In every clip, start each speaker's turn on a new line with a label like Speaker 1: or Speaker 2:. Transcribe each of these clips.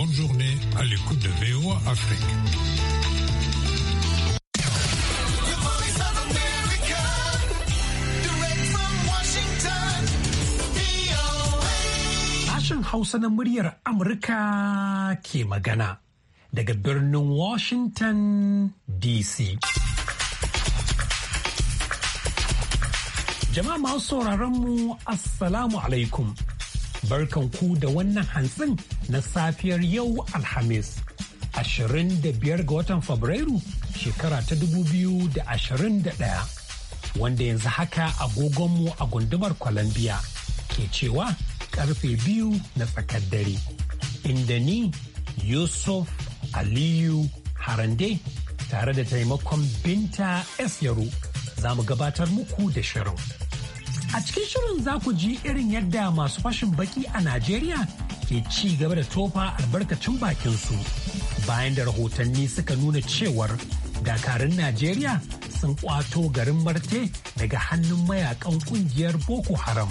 Speaker 1: Bonne journée à l'écoute de VOA Afrique. Sashen Hausa na muryar Amurka ke magana daga birnin Washington DC. Jama'a masu sauraron mu Assalamu alaikum. barkan ku da wannan hantsin na safiyar yau Alhamis. 25 ga watan Fabrairu shekara ta 2021 wanda yanzu haka agogonmu a gundumar Colombia ke cewa karfe biyu na tsakar dare. Inda ni Yusuf Aliyu Harande tare da taimakon Binta S. Yaro za mu gabatar muku da shirin.
Speaker 2: A cikin shirin
Speaker 1: za ku ji irin yadda masu fashin baki a Najeriya ke ci gaba da tofa albarkacin bakinsu bayan da rahotanni suka nuna cewar dakarun Najeriya sun kwato garin Marte daga hannun mayakan kungiyar Boko Haram.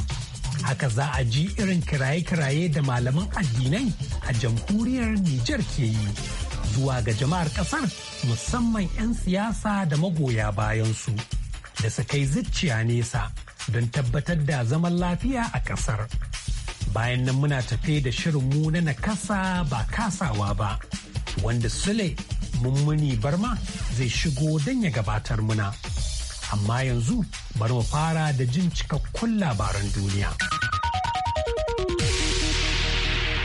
Speaker 1: Haka za a ji irin kiraye-kiraye da malaman addinai a jamhuriyar Nijar ke yi zuwa ga jama'ar kasar musamman 'yan siyasa da magoya bayansu da su kai zicciya nesa. don tabbatar da zaman lafiya a ƙasar. Bayan nan muna tafe da shirinmu na nakasa ba kasawa ba, wanda Sule mummuni barma zai shigo don ya gabatar muna. Amma yanzu bari mu fara da jin cikakkun labaran duniya.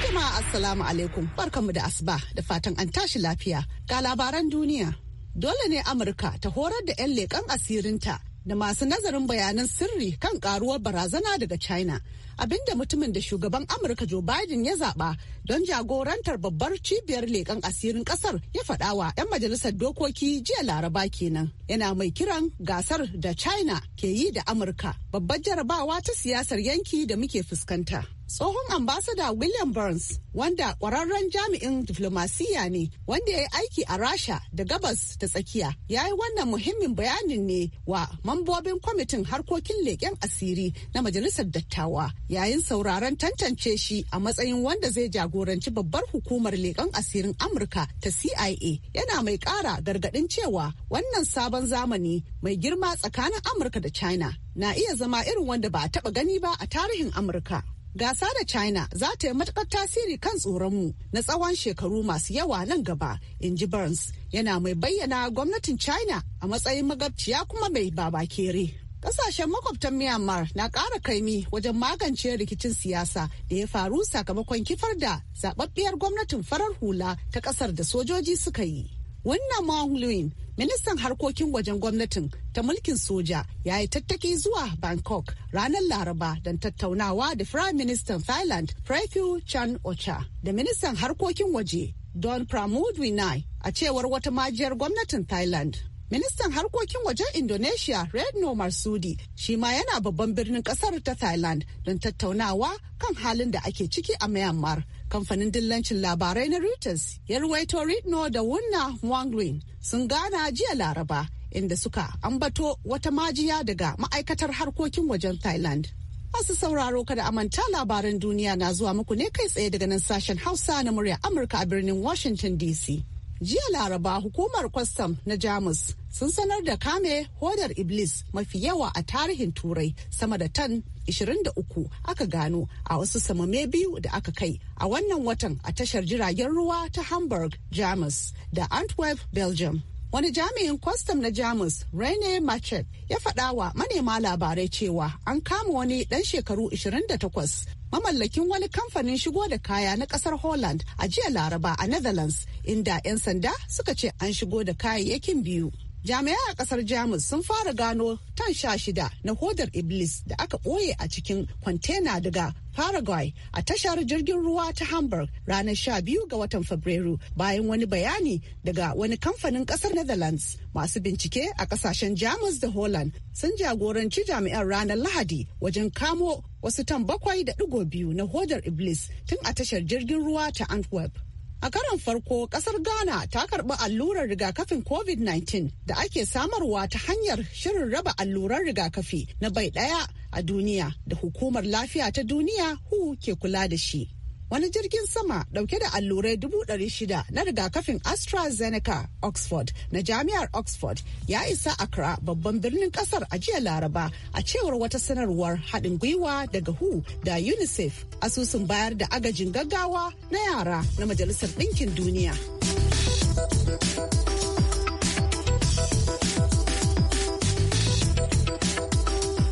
Speaker 2: Jama'a Assalamu alaikum mu da asuba da fatan an tashi lafiya ga labaran duniya. Dole ne Amurka ta horar da 'yan leƙen asirinta da masu nazarin bayanan sirri kan karuwar barazana daga China. Abinda mutumin da shugaban Amurka Joe Biden ya zaba don jagorantar babbar cibiyar leƙen asirin ƙasar ya faɗa wa 'yan majalisar dokoki jiya Laraba kenan. Yana mai kiran gasar da China ke yi da Amurka babbar jarabawa ta siyasar yanki da muke fuskanta. Tsohon ambasada William Burns, wanda ƙwararren jami'in diflomasiyya ne, wanda ya yi aiki a Rasha da gabas ta tsakiya, ya yi wannan muhimmin bayanin ne wa mambobin kwamitin harkokin leƙen asiri na Majalisar Dattawa, yayin sauraron tantance shi a matsayin wanda zai jagoranci babbar hukumar leƙen asirin Amurka ta CIA, yana mai ƙara gargaɗin cewa wannan sabon zamani mai girma tsakanin Amurka da China na iya zama irin wanda ba a taɓa gani ba a tarihin Amurka. Gasa da China za ta yi matukar tasiri kan tsoronmu na tsawon shekaru masu yawa nan gaba, in ji Burns yana mai bayyana gwamnatin China a matsayin magabciya kuma mai babakere. Kasashen makwabtan Myanmar na ƙara kaimi wajen magance rikicin siyasa da ya faru sakamakon kifar da zababbiyar gwamnatin farar hula ta ƙasar da sojoji suka yi. Wannan Mong ministan harkokin wajen gwamnatin ta mulkin soja ya yi tattaki zuwa bangkok ranar laraba don tattaunawa da firayim ministan thailand prefew chan ocha da ministan harkokin waje don pramudwinai a cewar wata majiyar gwamnatin thailand ministan harkokin wajen indonesia redno marsudi shi ma yana babban birnin kasar ta thailand don tattaunawa kan halin da ake ciki a myanmar Kamfanin dillancin labarai na Reuters ya ruwaito Ritno da Wunna Wanglin sun gana jiya Laraba inda suka ambato wata majiya daga ma'aikatar harkokin wajen Thailand. Masu sauraro kada amanta labaran duniya na zuwa muku ne kai tsaye daga nan sashen Hausa na murya Amurka a birnin Washington DC. Jiya Laraba hukumar kwastam na Jamus sun sanar da kame hodar Iblis mafi yawa a tarihin Turai sama da tan 23 aka gano a wasu samame biyu da aka kai a wannan watan a tashar jiragen ruwa ta Hamburg, Jamus da Antwerp, Belgium. Wani jami'in kwastam na Jamus, Rene Machet, ya faɗa manema labarai cewa an kama wani ɗan shekaru 28 mamallakin wani kamfanin shigo da kaya na kasar Holland a jiya Laraba a Netherlands, inda 'yan sanda suka ce an shigo da kayayyakin biyu. jami'ai a kasar jamus sun fara gano tan sha shida na hodar iblis da aka ɓoye a cikin kwantena daga paraguay a tashar jirgin ruwa ta hamburg ranar sha biyu ga watan fabrairu bayan wani bayani daga wani kamfanin kasar netherlands masu bincike a kasashen jamus da holland sun jagoranci jami'an ranar lahadi wajen kamo wasu tan bakwai da digo biyu na hodar iblis tun a tashar jirgin ruwa ta antwerp A karon farko, kasar Ghana ta karɓi allurar rigakafin COVID-19 da ake samarwa ta hanyar shirin raba allurar rigakafi na bai ɗaya a duniya da hukumar lafiya ta duniya WHO ke kula da shi. wani jirgin sama dauke da allurai dubu ɗari shida na rigakafin AstraZeneca Oxford na jami'ar Oxford ya isa Accra babban birnin kasar a jiya Laraba a cewar wata sanarwar haɗin gwiwa daga WHO da UNICEF asusun bayar da agajin gaggawa na yara na Majalisar Ɗinkin Duniya.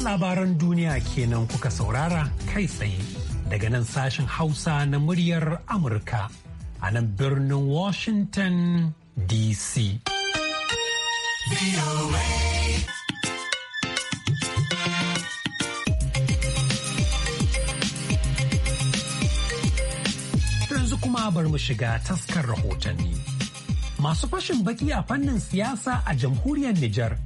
Speaker 1: Labaran duniya kenan kuka saurara kai tsaye daga nan sashen Hausa na muryar Amurka a nan birnin Washington DC. Yanzu kuma bar mu shiga taskar rahotanni. Masu fashin baki a fannin siyasa a jamhuriyar Nijar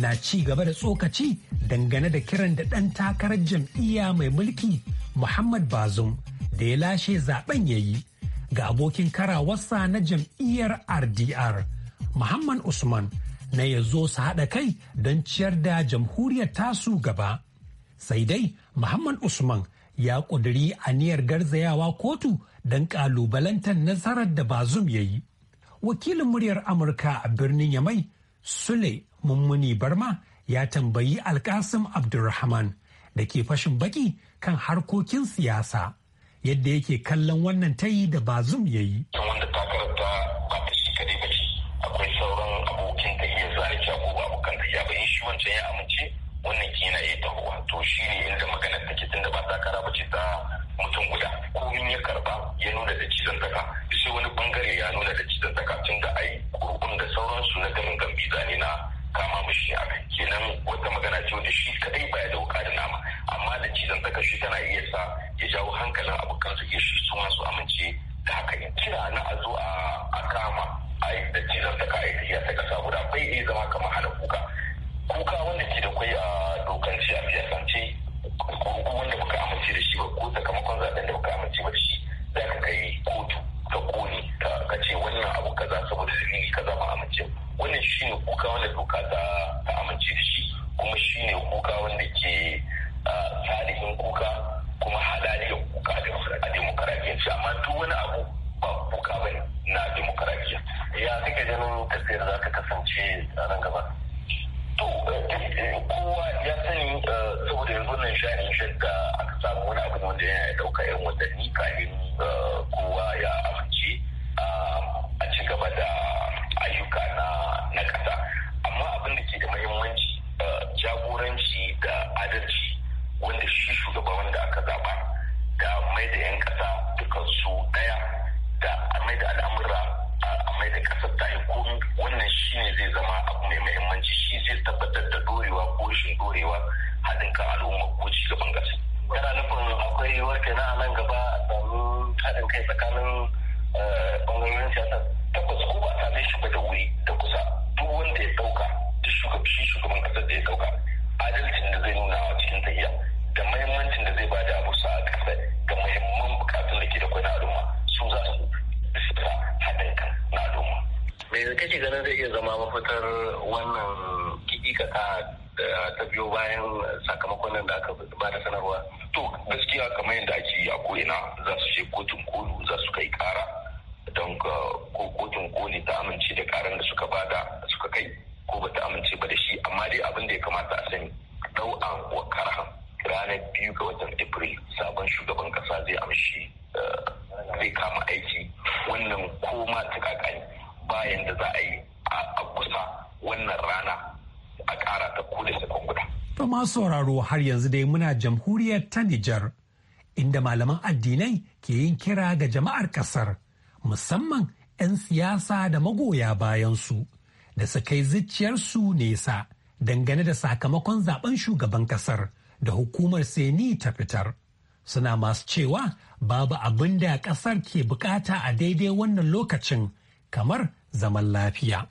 Speaker 1: na ci gaba da tsokaci dangane da kiran da ɗan takarar jam'iyya mai mulki Muhammad Bazum da ya lashe zaben ya yi ga abokin karawarsa na jam'iyyar RDR Muhammad Usman na ya zo su haɗa kai don ciyar da jamhuriyar tasu gaba. Sai dai Muhammad Usman ya ƙuduri aniyar garzayawa kotu don ƙalubalantar nasarar da Bazum ya yi. Wakilin muryar Amurka a birnin Yamai, Sule Mummuni Barma ya tambayi Alkasim Abdulrahman da ke fashin baki kan harkokin siyasa yadda yake kallon wannan tayi da bazum ya yi.
Speaker 3: ya kake ganin tafiyar za ka kasance a nan gaba to eh, eh, kowa ya sani eh, saboda yanzu nan shan da aka samu wani abu wanda yana ɗauka yan watanni kafin kowa ya ɗorewar haɗin kan al'umma ko ci gaban ƙasa. Yana nufin akwai yiwuwar na a nan gaba domin haɗin kai tsakanin eh, ɓangarorin siyasa tabbas ko ba a shi ba da wuri da kusa duk wanda ya ɗauka duk shi shugaban ƙasa da ya ɗauka adalcin da zai nuna a cikin tafiya da mahimmancin da zai bada abu sa a ƙasa ga mahimman buƙatun da ke da kwana na al'umma su za su haɗin kan na al'umma. Me kake ganin zai iya zama mafitar wannan Ka eh, ta biyo bayan sakamakon nan da aka ba da sanarwa to gaskiya kamar yadda ake yi a ko'ina za su je kotun kolu za su kai kara don eh, ko kotun
Speaker 4: koli ta amince da karan da suka bada suka kai ko ba ta amince ba da shi amma dai abin da ya kamata a sani an wa karahan ranar biyu ga watan april sabon shugaban kasa zai amshi eh, zai kama aiki wannan koma ta kakani bayan da za a yi a kusa wannan rana a kara ta
Speaker 1: ko da sakon guda. To masu sauraro har yanzu dai muna jamhuriyar ta Nijar inda malaman addinai ke yin kira ga jama'ar ƙasar musamman 'yan siyasa da magoya bayansu da su kai zuciyarsu nesa dangane da sakamakon zaben shugaban ƙasar da hukumar seni ta fitar. Suna masu cewa babu abin da ƙasar ke bukata a daidai wannan lokacin kamar zaman lafiya.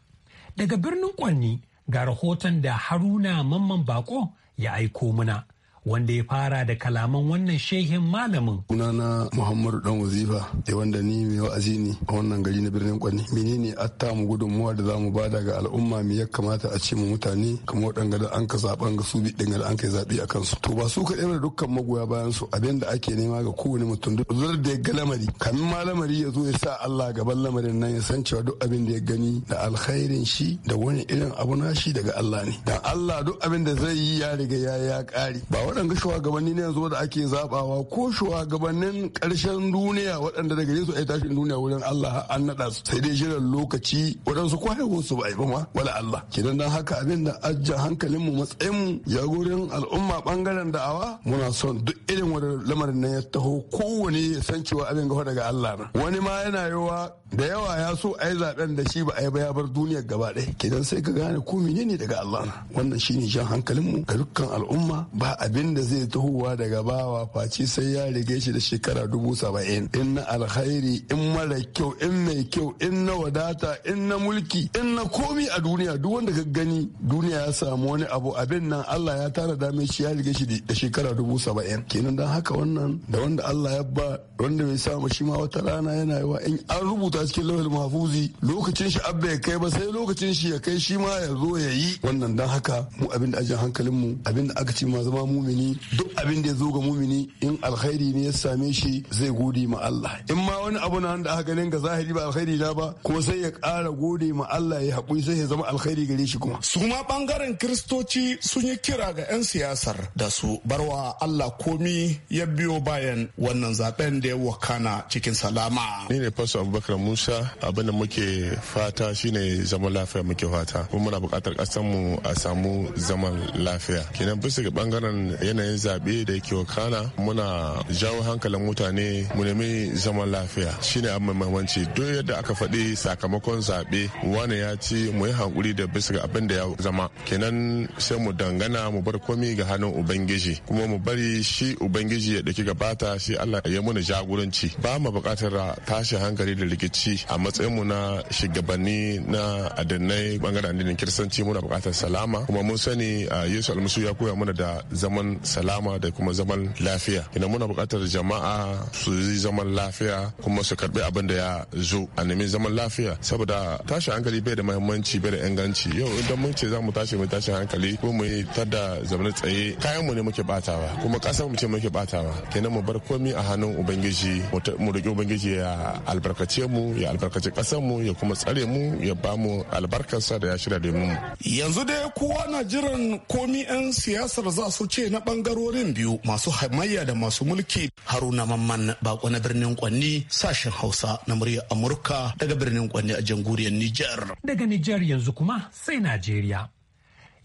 Speaker 1: Daga birnin Kwanni ga rahoton da haruna mamman bako ya aiko muna. wanda ya fara da kalaman wannan shehin malamin.
Speaker 3: Sunana Muhammadu Dan Wazifa, da eh, wanda ni mai wa'azi ne a wannan gari na birnin Kwani. Menene atta mu gudunmuwa da zamu bada ga al'umma mu ya kamata a ce mu mutane kamar waɗanga da an ka zaɓen ga su biɗin da an kai zaɓe a kansu. To ba su ka da dukkan magoya bayan su abin da ake nema ga kowane mutum duk zurar da ya ga lamari. Kamin ma lamari ya zo ya sa Allah gaban lamarin nan ya san cewa duk abin da ya gani da alkhairin shi da wani irin abu na shi daga Allah ne. Dan Allah duk abin da zai yi ya riga ya ya ƙari. Ba waɗanda shugabanni ne yanzu da ake zabawa ko shugabannin ƙarshen duniya waɗanda daga su ai tashin duniya wurin Allah an naɗa su sai dai jiran lokaci waɗansu ko haihuwar su ba ba ma wala Allah kidan dan haka abin da ajja hankalin mu matsayin mu gurin al'umma bangaren da'awa muna son duk irin wani lamarin nan ya taho kowane ya san cewa abin gafa daga Allah na wani ma yana yawa da yawa ya so a yi zaben da shi ba a yi ba ya bar duniya gaba ɗaya kidan sai ka gane ko menene daga Allah na wannan shine jan hankalin mu ga dukkan al'umma ba abin abin da zai tuhuwa daga bawa face sai ya rige shi da shekara dubu saba'in in na alkhairi in mara kyau in mai kyau in na wadata in na mulki in na komi a duniya duk wanda ka gani duniya ya samu wani abu abin nan Allah ya tara dame shi ya rige shi da shekara dubu saba'in kenan don haka wannan da wanda Allah ya ba wanda bai samu shi ma wata rana yana yawa in an rubuta cikin lawal mahfuzi lokacin shi abba ya kai ba sai lokacin shi ya kai shi ma ya zo ya yi wannan don haka mu abin da ajin hankalin abin da aka ci ma zama mu mumini duk abin da ya zo ga mumini in alkhairi ne ya same shi zai gode ma Allah in ma wani abu na da aka ganin ga zahiri ba alkhairi na ba ko sai ya ƙara gode ma Allah ya haƙuri sai ya zama alkhairi gare shi kuma su ma bangaren kristoci sun yi kira ga 'yan siyasar da su barwa Allah komi ya biyo bayan wannan zaben da ya wakana cikin salama
Speaker 5: ni ne pastor abubakar musa abin da muke fata shine zaman lafiya muke fata kuma muna buƙatar ƙasar a samu zaman lafiya kenan bisa ga bangaren yanayin zaɓe da yake wakana muna jawo hankalin mutane mu nemi zaman lafiya shine abu mai mahimmanci duk yadda aka faɗi sakamakon zaɓe wani ya ci mu yi hankuri da bisa ga abin da ya zama kenan sai mu dangana mu bar komi ga hannun ubangiji kuma mu bari shi ubangiji ya ɗauki gabata shi Allah ya muna jagoranci ba mu buƙatar tashi hankali da rikici a matsayin mu na shugabanni na addinai bangaren addinin kiristanci muna buƙatar salama kuma mun sani Yesu almasu ya koya muna da zaman zaman salama da kuma zaman lafiya ina muna buƙatar jama'a su yi zaman lafiya kuma su karbi abin da ya zo a nemi zaman lafiya saboda tashin hankali bai da mahimmanci bai da inganci yau idan mun ce za mu tashi mu tashi hankali ko mu yi tada zaman tsaye kayan mu ne muke batawa kuma ƙasar mu ce muke batawa kenan mu bar komi a hannun ubangiji mu roki ubangiji ya albarkace mu ya albarkace ƙasar mu ya kuma tsare mu ya ba mu albarkarsa da ya shirya da mu
Speaker 3: yanzu dai kowa na jiran komi 'yan siyasar za su ce na bangarorin biyu masu hamayya da masu mulki haruna mamman bako na birnin kwanni sashen hausa na muryar amurka daga birnin kwanni a jamhuriyar Niger.
Speaker 1: daga Niger yanzu kuma sai najeriya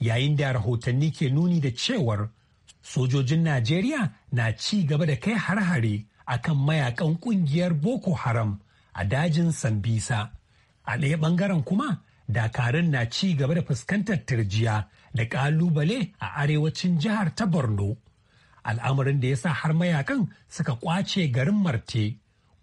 Speaker 1: yayin da rahotanni ke nuni da cewar sojojin najeriya na ci gaba da kai har-hare akan mayakan kungiyar boko haram a dajin sambisa a ɗaya bangaren kuma dakarun na ci gaba da fuskantar tirjiya da ƙalubale a arewacin jihar ta Borno. Al'amarin da ya sa har mayakan suka ƙwace garin Marte,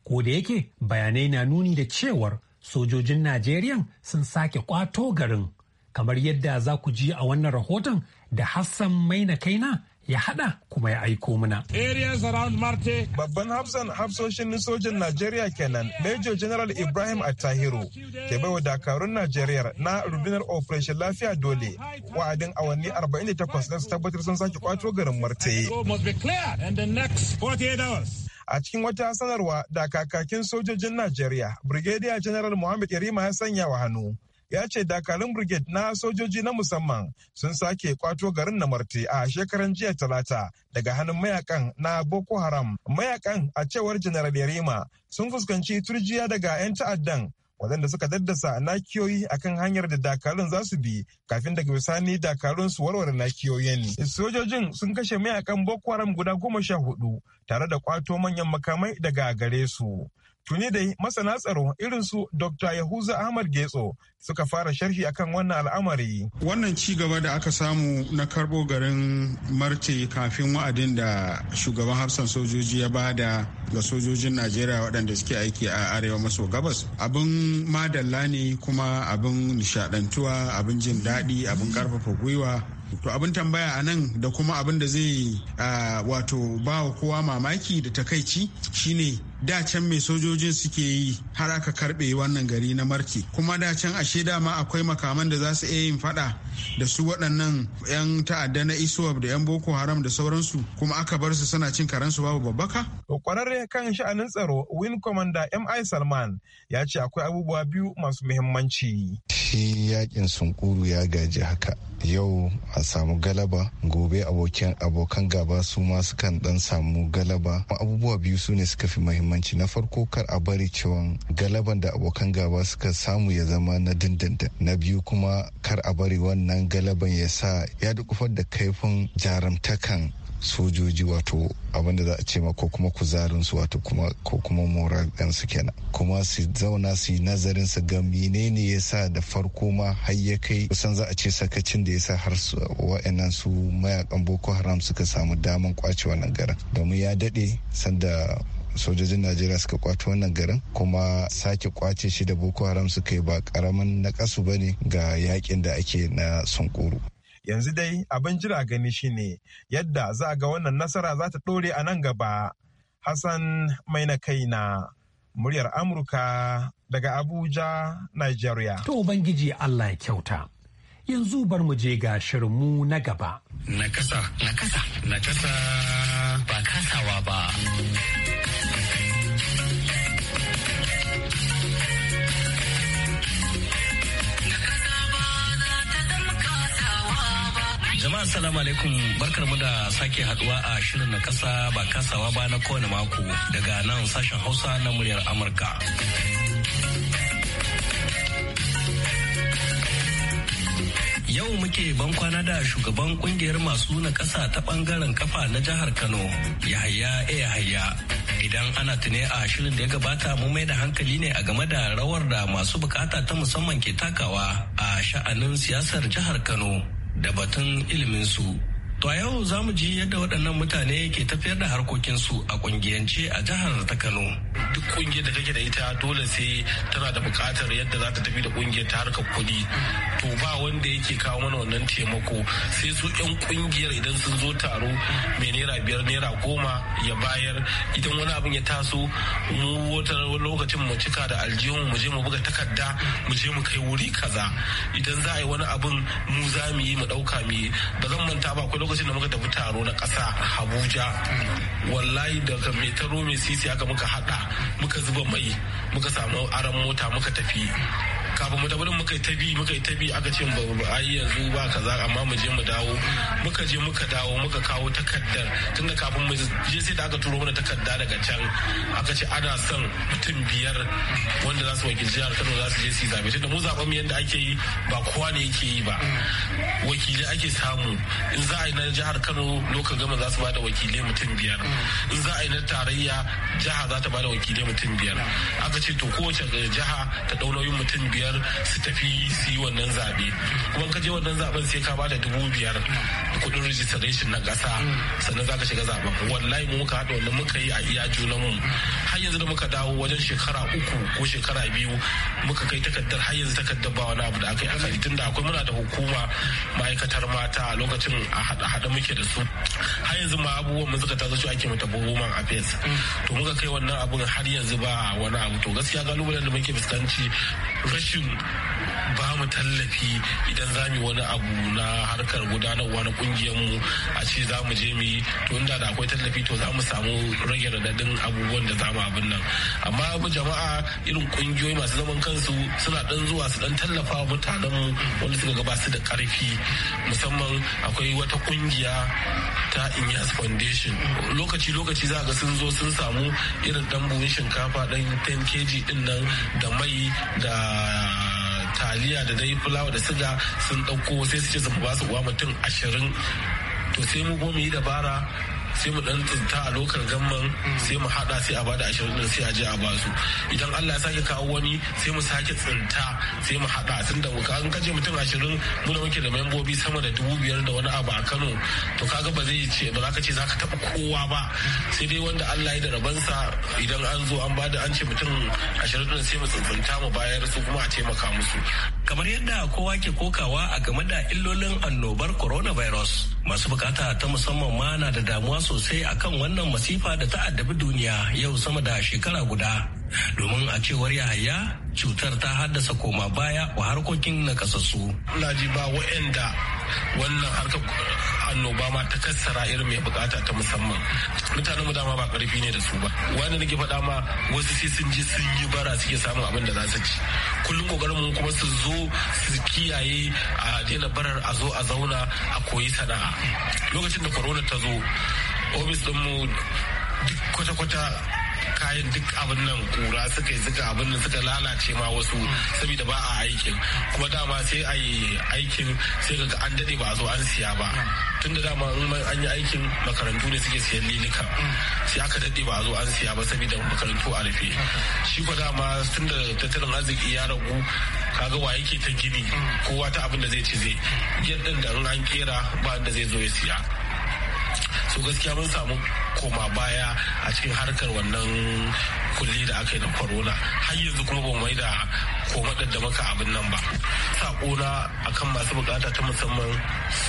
Speaker 1: ko da yake bayanai na nuni da cewar sojojin Najeriya sun sake ƙwato garin, kamar yadda za ku ji a wannan rahoton da Hassan Maina Kaina ya hada kuma ya aiko mana. Areas
Speaker 6: around Marte. Babban hafsan hafsoshin sojin Najeriya kenan Major General Ibrahim Attahiru ke baiwa dakarun Najeriya na rundunar Operation Lafiya Dole wa'adin awanni 48 na su tabbatar sun sake kwato garin Marte. a cikin wata sanarwa da kakakin sojojin Najeriya, Brigadier General Muhammad Yarima ya sanya wa hannu. ya ce dakarun brigade na sojoji na musamman sun sake kwato garin na marti a shekaran jiya talata daga hannun mayakan na boko haram mayakan a cewar janaral yarima sun fuskanci turjiya daga 'yan ta'addan wadanda suka daddasa nakiyoyi akan hanyar da dakarun za su bi kafin daga bisani dakarun su warware nakiyoyin. Sojojin sun kashe mayakan Boko Haram guda goma sha hudu tare da kwato manyan makamai daga gare su. Tuni da masana tsaro irin su Dr. Yahuza Ahmad Getso suka fara sharhi akan wannan al'amari. Wannan ci gaba da aka samu na karbo garin Marte kafin wa'adin da shugaban hafsan sojoji ya bada ga sojojin Najeriya waɗanda suke aiki a arewa maso gabas. Abin madalla ne kuma abin nishadantuwa, abin jin daɗi, abin karfafa gwiwa to abin tambaya a nan da kuma abin da zai ah, wato ba kowa mamaki da takaici shine da can mai sojojin suke yi har aka karbe wannan gari na marke kuma da can ashe ma akwai makaman da za su iya yin fada da su waɗannan 'yan ta'adda na isuwab da 'yan boko haram da sauransu kuma aka bar su suna cin karensu babu babbaka kwararre kan sha'anin tsaro win commander mi salman ya ce
Speaker 3: akwai abubuwa biyu masu muhimmanci shi yakin sunkuru ya gaji haka yau a samu galaba gobe abokan gaba su ma sukan dan samu galaba abubuwa biyu su ne suka fi muhimmanci muhimmanci na farko kar a bari cewa galaban da abokan gaba suka samu ya zama na dindindin na biyu kuma kar a bari wannan galaban ya sa ya dukufar da kaifin jaramtakan sojoji wato abinda za a ce ma ko kuma kuzarin su wato kuma ko kuma moral ɗin su kenan kuma su zauna su yi nazarin su ga menene ya sa da farko ma har ya kai kusan za a ce sakacin da ya sa har su wa'annan su mayakan boko haram suka samu daman kwace wannan garin domin ya daɗe sanda sojojin najeriya suka kwato wannan garin kuma sake kwace shi da boko haram suka yi ba karamin nakasu ba ne ga yakin da ake na sunkuru
Speaker 6: yanzu dai abin jira gani shine yadda za ga wannan nasara za ta ɗore a nan gaba hassan mai na kai na muryar amurka daga
Speaker 1: abuja nigeria to ubangiji allah ya kyauta yanzu bar mu je ga shirinmu na gaba.
Speaker 4: Nakasa. Nakasa. Nakasa. Ba kasawa ba. Jama'a salamu alaikum barkar mu da sake haduwa a shirin na kasa ba kasawa ba na kowane mako daga nan sashen Hausa na muryar Amurka. Yau muke ban kwana da shugaban kungiyar masu na kasa ta bangaren kafa na jihar Kano, Yahaya ya Yahaya. idan ana tune a shirin da ya gabata mu mai da hankali ne a game da rawar da masu bukata ta musamman ke takawa a sha'anin siyasar jihar kano da batun iliminsu To a yau za mu ji yadda waɗannan mutane ke tafiyar da harkokinsu
Speaker 7: a ƙungiyance a jihar ta Kano. Duk ƙungiyar da kake da ita dole sai tana da buƙatar yadda za ta tafi da ƙungiyar ta harka kuɗi. To ba wanda yake kawo mana wannan taimako sai su 'yan ƙungiyar idan sun zo taro mai naira biyar naira goma ya bayar idan wani abin ya taso mu wata lokacin mu cika da aljihun mu je mu buga takarda mu je mu kai wuri kaza idan za a yi wani abin mu za mu yi mu ɗauka mu yi ba zan manta ba akwai lokacin da muka tafi taro na ƙasa abuja wallahi daga mai taro mai sisi aka muka haɗa muka zuba mai muka samu aran mota muka tafi kafin mu tabbatar muka yi ta bi muka yi ta bi aka ce ba yi yanzu ba kaza amma mu je mu dawo muka je muka dawo muka kawo takardar tunda kafin mu je sai da aka turo mana takarda daga can aka ce ana son mutum biyar wanda za su wakilci jihar Kano za su je su zabe tunda mu mu yadda ake yi ba kowa ne yake yi ba wakilai ake samu in za a yi na jihar Kano lokacin gama za su bada wakilai mutum biyar in za a yi na tarayya jiha za ta bada wakilai mutum biyar aka ce to kowace jiha ta dau nauyin mutum biyar biyar su tafi su yi wannan zaɓe kuma ka je wannan zaɓen sai ka bada dubu biyar kudin registration na gasa. sannan zaka shiga zaben wallahi mu muka haɗa wannan muka yi a iya junan mu har yanzu da muka dawo wajen shekara uku ko shekara biyu muka kai takardar har yanzu takardar ba wani abu da aka yi tunda akwai muna da hukuma ma'aikatar mata a lokacin a haɗa muke da su har yanzu ma abubuwan mun suka tazo su ake mata woman affairs to muka kai wannan abun har yanzu ba wani abu to gaskiya kalubalen da muke fuskanci rashin ba mu tallafi idan za mu yi wani abu na harkar gudanarwa na kungiyar mu a ce za mu je mu yi to da akwai tallafi to za mu samu rage radadin abubuwan da za mu abin nan amma bu jama'a irin kungiyoyi masu zaman kansu suna dan zuwa su dan tallafa mutanen mu wanda suka gaba su da karfi musamman akwai wata kungiya ta Inyas Foundation lokaci lokaci za ga sun zo sun samu irin dan buhun shinkafa dan 10 kg din nan da mai da taliya da dai fulawa da siga sun ɗauko sai su ce su ba su uwa mutum ashirin to sai mu kuma mu yi dabara sai mu dan tsinta a lokar gamman sai mu hada sai a bada ashirin din sai a je a ba su idan Allah ya sake kawo wani sai mu sake tsinta sai mu hada tun da muka kaje mutum ashirin mu da muke da membobi sama da dubu biyar da wani abu a Kano to kaga ba zai ce ba za ka ce za ka taba kowa ba sai dai wanda Allah ya da rabansa idan an zo an bada an ce mutum ashirin din sai mu tsinta mu bayar su kuma a taimaka musu
Speaker 4: kamar yadda kowa ke kokawa a game da illolin annobar coronavirus masu bukata ta musamman ma na da damuwa sosai akan wannan masifa da ta addabi duniya yau sama da shekara guda domin a cewar yahaya
Speaker 7: cutar ta haddasa koma baya wa harkokin nakasassu. Na kasassu. ba wannan annoba ma ta kassara irin mai bukata ta musamman mutanen mu dama ba karfi ne da su ba wani nake faɗa ma wasu sai sun je sun yi bara suke samun abin da za su ci kullum kokarin mu kuma su zo su kiyaye a daina barar a zo a zauna a koyi sana'a lokacin da corona ta zo ofis ɗinmu duk kwata-kwata kayan duk abin nan kura suka yi suka abin nan suka lalace ma wasu saboda ba a aikin kuma dama sai a yi aikin sai ga an dade ba zo an siya ba tun da dama an yi aikin makarantu ne suke siyan lilika sai aka dade ba zo an siya ba saboda makarantu a rufe shi kuma dama tun da tattalin arziki ya ragu kaga wa yake ta gini kowa ta abin da zai ci zai yadda da an kera ba da zai zo ya siya so gaskiya mun samu koma baya a cikin harkar wannan kulli da aka yi na corona har yanzu kuma ba mai da koma da maka abin nan ba sako na akan masu bukata ta musamman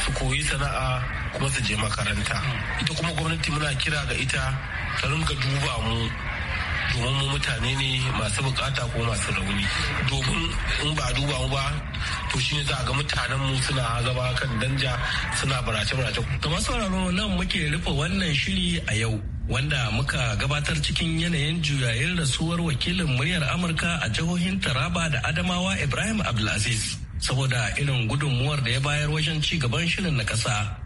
Speaker 7: su koyi sana'a kuma su je makaranta ita kuma gwamnati muna kira ga ita ta rinka duba mu domin mu mutane ne masu bukata ko masu rauni domin in ba duba mu ba to shi ne za a ga mutanen mu suna zama kan danja suna barace-barace. To masu nan muke rufe wannan shiri a yau. wanda
Speaker 4: muka gabatar cikin yanayin juyayin rasuwar wakilin muryar amurka a jihohin taraba da adamawa ibrahim abdulaziz saboda irin gudunmuwar da ya bayar wajen ci gaban shirin na ƙasa.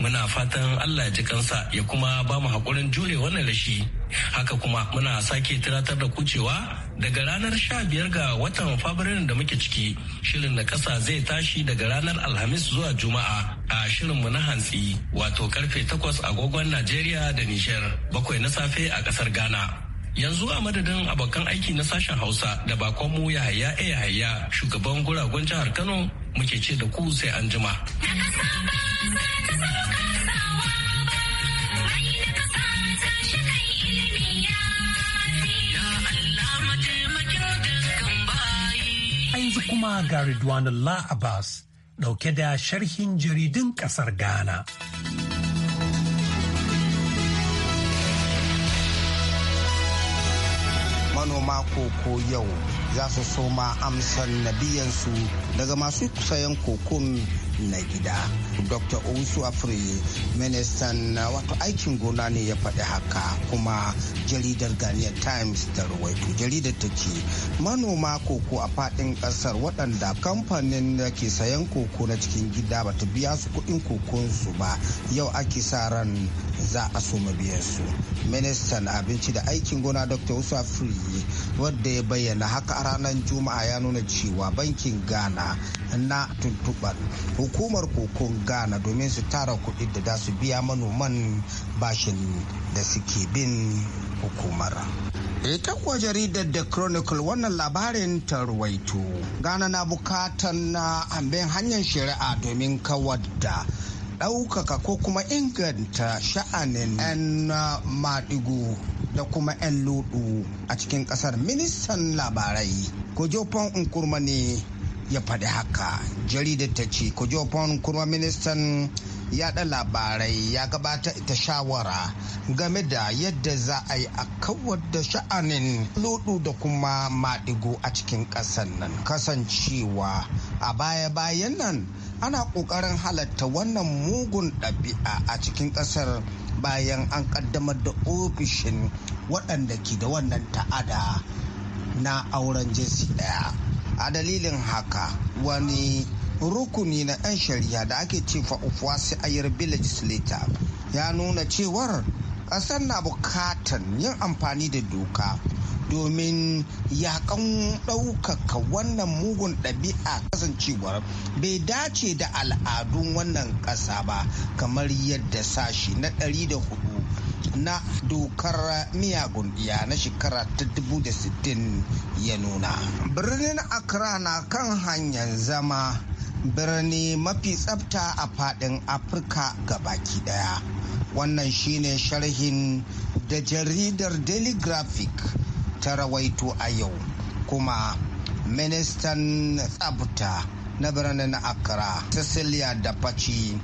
Speaker 4: Muna fatan Allah ya ji kansa ya kuma ba mu haƙurin jure wannan rashi. Haka kuma muna sake tiratar da kucewa daga ranar sha biyar ga watan Fabrairu da muke ciki shirin na ƙasa zai tashi daga ranar Alhamis zuwa Juma'a a shirin mu na hantsi wato karfe takwas agogon Najeriya da Nijar bakwai na safe a ƙasar Ghana. yanzu a madadin abokan aiki na sashen hausa da bakon mu haya ya haya shugaban guragun jihar kano muke ce da ku sai an jima
Speaker 1: yanzu kuma ga Ridwan Allah Abbas dauke da sharhin jaridun ƙasar Ghana.
Speaker 8: manoma koko yau za su soma amsan nabiyansu daga masu sayan kokon na gida dr owusu afri ministan uh, wato aikin gona ne ya faɗi haka kuma jaridar Ghana times da rawaito jaridar ta ce manoma koko a faɗin ƙasar waɗanda kamfanin da ke sayan koko na cikin gida bata biya su kuɗin kokonsu ba yau ake sa ran za a so mabiyansu ministan abinci da aikin gona dr Owusu afri wadda ya bayyana haka a ranar juma'a ya nuna cewa bankin ghana na tuntuɓar hukumar kokon ghana domin su tara kuɗi da za su biya manoman bashin da suke bin hukumar ita kuwa jaridar the chronicle wannan labarin ta ruwaito ghana na bukatan na amben hanyar shari'a domin kawar da ɗaukaka ko kuma inganta sha'anin 'yan maɗigo da kuma 'yan ludu a cikin ƙasar ministan labarai gojofan nkurma ne ya faɗi haka jaridar ta ce kujofon kuma ministan yaɗa labarai ya gabata ita shawara game da yadda za a yi a kawar da sha'anin ludu da kuma maɗigo a cikin ƙasar nan kasancewa a baya-bayan nan ana ƙoƙarin halatta wannan mugun ɗabi'a a cikin ƙasar bayan an ƙaddamar da ofishin waɗanda ke da wannan ta'ada na auren jinsi ɗaya. a dalilin haka wani rukuni na 'yan shari'a da ake ce fa'ufuwasi bi legislator ya nuna cewar ƙasar na bukatan yin amfani da doka domin yakan ɗaukaka wannan mugun ɗabi'a kasancewar bai dace da al'adun wannan ƙasa ba kamar yadda sashi na ɗari da hudu na dokar miyagun ɗiya na shekara ta dubu da sittin ya nuna. Birnin Accra na kan hanyar zama birni mafi tsafta a faɗin Afirka baki ɗaya. Wannan shine sharhin da jaridar Daily Graphic ta rawaito a yau kuma ministan tsafta na birnin Accra Cecilia Dapaci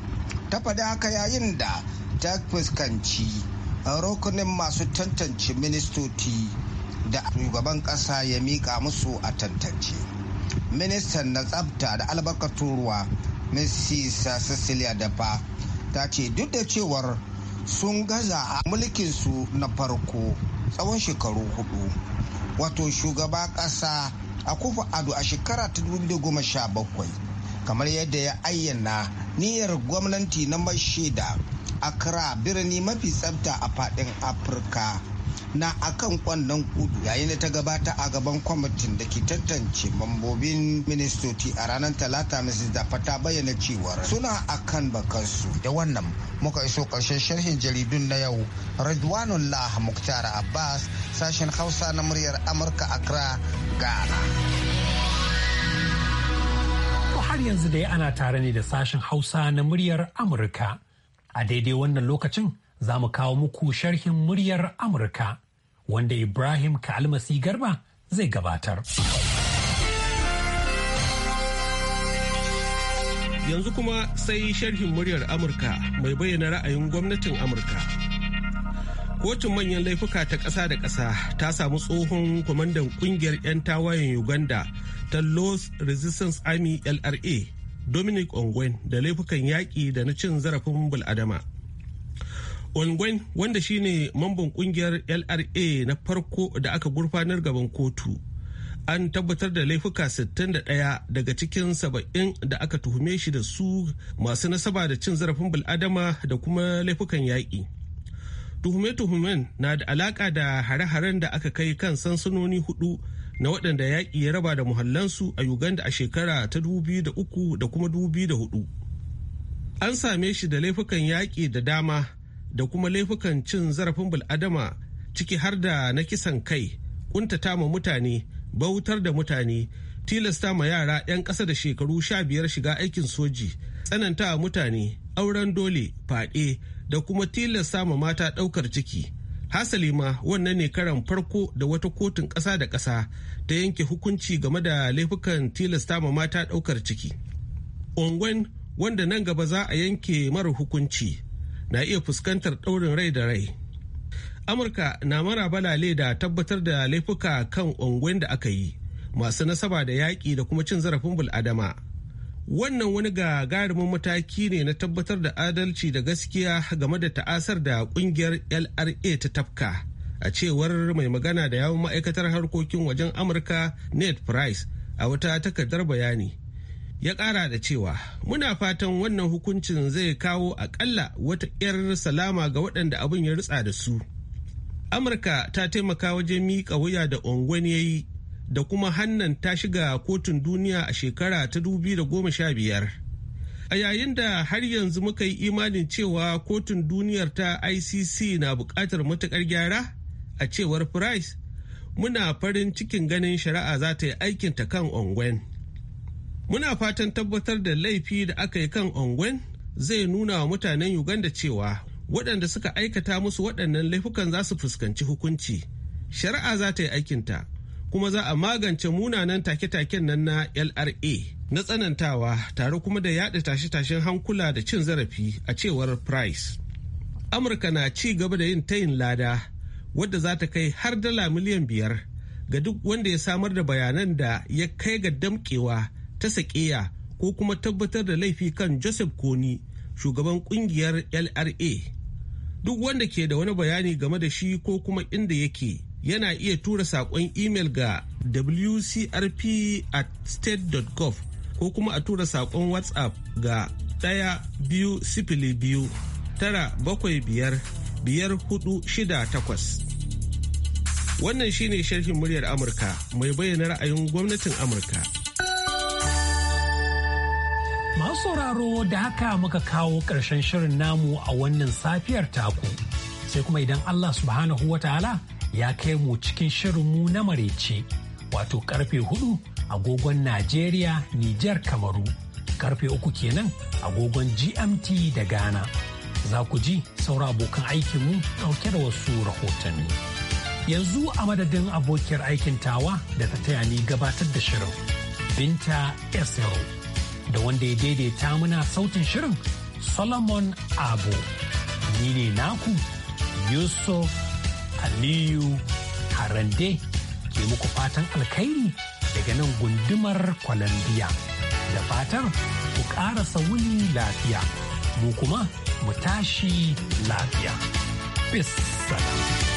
Speaker 8: ta faɗi haka yayin da ta fuskanci rukunin masu tantance ministoci da shugaban ƙasa ya mika musu a tantance ministan na tsabta da albarkatun ruwa mrs cecilia dafa ta ce duk da cewar sun gaza a mulkinsu na farko tsawon shekaru hudu wato shugaba ƙasa a kufa ado a shekara ta 2017 kamar yadda ya ayyana niyyar gwamnati na mashida. accra birni mafi tsafta a fadin afirka na akan kwallon kudu yayin da ta gabata a gaban kwamitin da ke tantance mambobin ministoci a ranar talata mrs dafa ta bayyana cewar suna akan bakansu da wannan muka iso karshen sharhin jaridun na yau rajwanullah muktar abbas sashen hausa na muryar amurka accra ghana
Speaker 1: har yanzu dai ana tare ne da sashen hausa na muryar amurka A daidai wannan lokacin za mu kawo muku sharhin muryar Amurka wanda Ibrahim Kalmasi Garba zai gabatar. Yanzu kuma sai sharhin
Speaker 9: muryar Amurka mai bayyana ra'ayin gwamnatin Amurka. Kotun manyan laifuka ta ƙasa da ƙasa ta samu tsohon kwamandan ƙungiyar 'yan tawayen Uganda ta Los Resistance Army LRA dominic ongwen da laifukan yaƙi da na cin zarafin bul'adama ongwen wanda shine mamban ƙungiyar lra na farko da aka gurfanar gaban kotu an tabbatar da laifuka 61 daga cikin 70 da aka tuhume shi da su masu nasaba da cin zarafin buladama da kuma laifukan yaƙi. Tuhume-tuhumen na da alaƙa da hare-haren da aka kai kan sansanoni hudu na waɗanda yaƙi ya raba da muhallansu a Uganda a shekara ta 2003 da kuma hudu. An same shi da laifukan yaƙi da dama da kuma laifukan cin zarafin bul'adama ciki har da na kisan kai, kuntata ma mutane, bautar da mutane, tilasta ma yara 'yan ƙasa da shekaru sha biyar shiga aikin soji, tsananta mutane, auren dole, faɗe, da kuma tilasta ma mata ɗaukar ciki. Hasali ma wannan ne karan farko da wata kotun ƙasa da ƙasa ta yanke hukunci game da laifukan tilasta ma mata ɗaukar ciki. Ongwen wanda nan gaba za a yanke mara hukunci na iya fuskantar ɗaurin rai da rai. Amurka na mara balale da tabbatar da laifuka kan ongwen da aka yi masu nasaba da yaƙi da kuma cin zarafin bul'adama. Wannan wani gagarumin mataki ne na tabbatar da adalci da gaskiya game da ta'asar da ƙungiyar LRA ta tafka. a cewar mai magana da yawon ma'aikatar harkokin wajen amurka ned price a wata takardar bayani ya kara da cewa muna fatan wannan hukuncin zai kawo akalla wata 'yar salama ga waɗanda abin ya rutsa da su amurka ta taimaka wajen miƙa wuya da ungwaniyayi da kuma hannan ta shiga kotun duniya a shekara ta da goma sha biyar. a yayin da har yanzu muka yi imanin cewa kotun duniyar ta icc na buƙatar matuƙar gyara a cewar price muna farin cikin ganin shari'a za ta yi aikinta kan ongwen muna fatan tabbatar da laifi da aka yi kan ongwen zai nuna wa mutanen uganda cewa waɗanda suka aikata musu waɗannan laifukan za su fuskanci hukunci shari'a za ta yi aikinta kuma za a magance munanan take-taken nan na lra na tsanantawa tare kuma da yaɗa tashe-tashen hankula da cin zarafi a cewar price amurka na ci gaba da yin tayin lada wadda za ta kai har dala miliyan biyar ga duk wanda ya samar da bayanan da ya kai ga damkewa ta sakeya ko kuma tabbatar da laifi kan joseph koni shugaban kungiyar lra duk wanda ke da wani bayani game da shi ko kuma inda yake yana iya tura saƙon imel ga wcrp at state.gov ko kuma a tura saƙon whatsapp ga ɗaya biyu sifili biyu tara bakwai biyar biyar huɗu shida takwas. Wannan shine sharhin muryar Amurka mai bayyana ra'ayin gwamnatin Amurka.
Speaker 1: Masu sauraro da haka muka kawo ƙarshen shirin namu a wannan safiyar taku. Sai kuma idan Allah subhanahu wa ta'ala ya kai mu cikin shirinmu na marece wato karfe hudu agogon Najeriya, Nijar, Kamaru. Karfe uku kenan agogon GMT da Ghana. za ku ji saura abokan aikinmu ɗauke da wasu rahotanni. Yanzu a madadin abokiyar aikin tawa da ta taya ni gabatar da shirin Binta Esero da wanda ya daidaita muna sautin shirin Solomon Abu. Ni ne naku Yusuf Aliyu Harande ke muku fatan alkhairi daga nan gundumar kwalambiya? da fatan ku ƙara wuni lafiya. mu kuma mu tashi lafiya. Peace.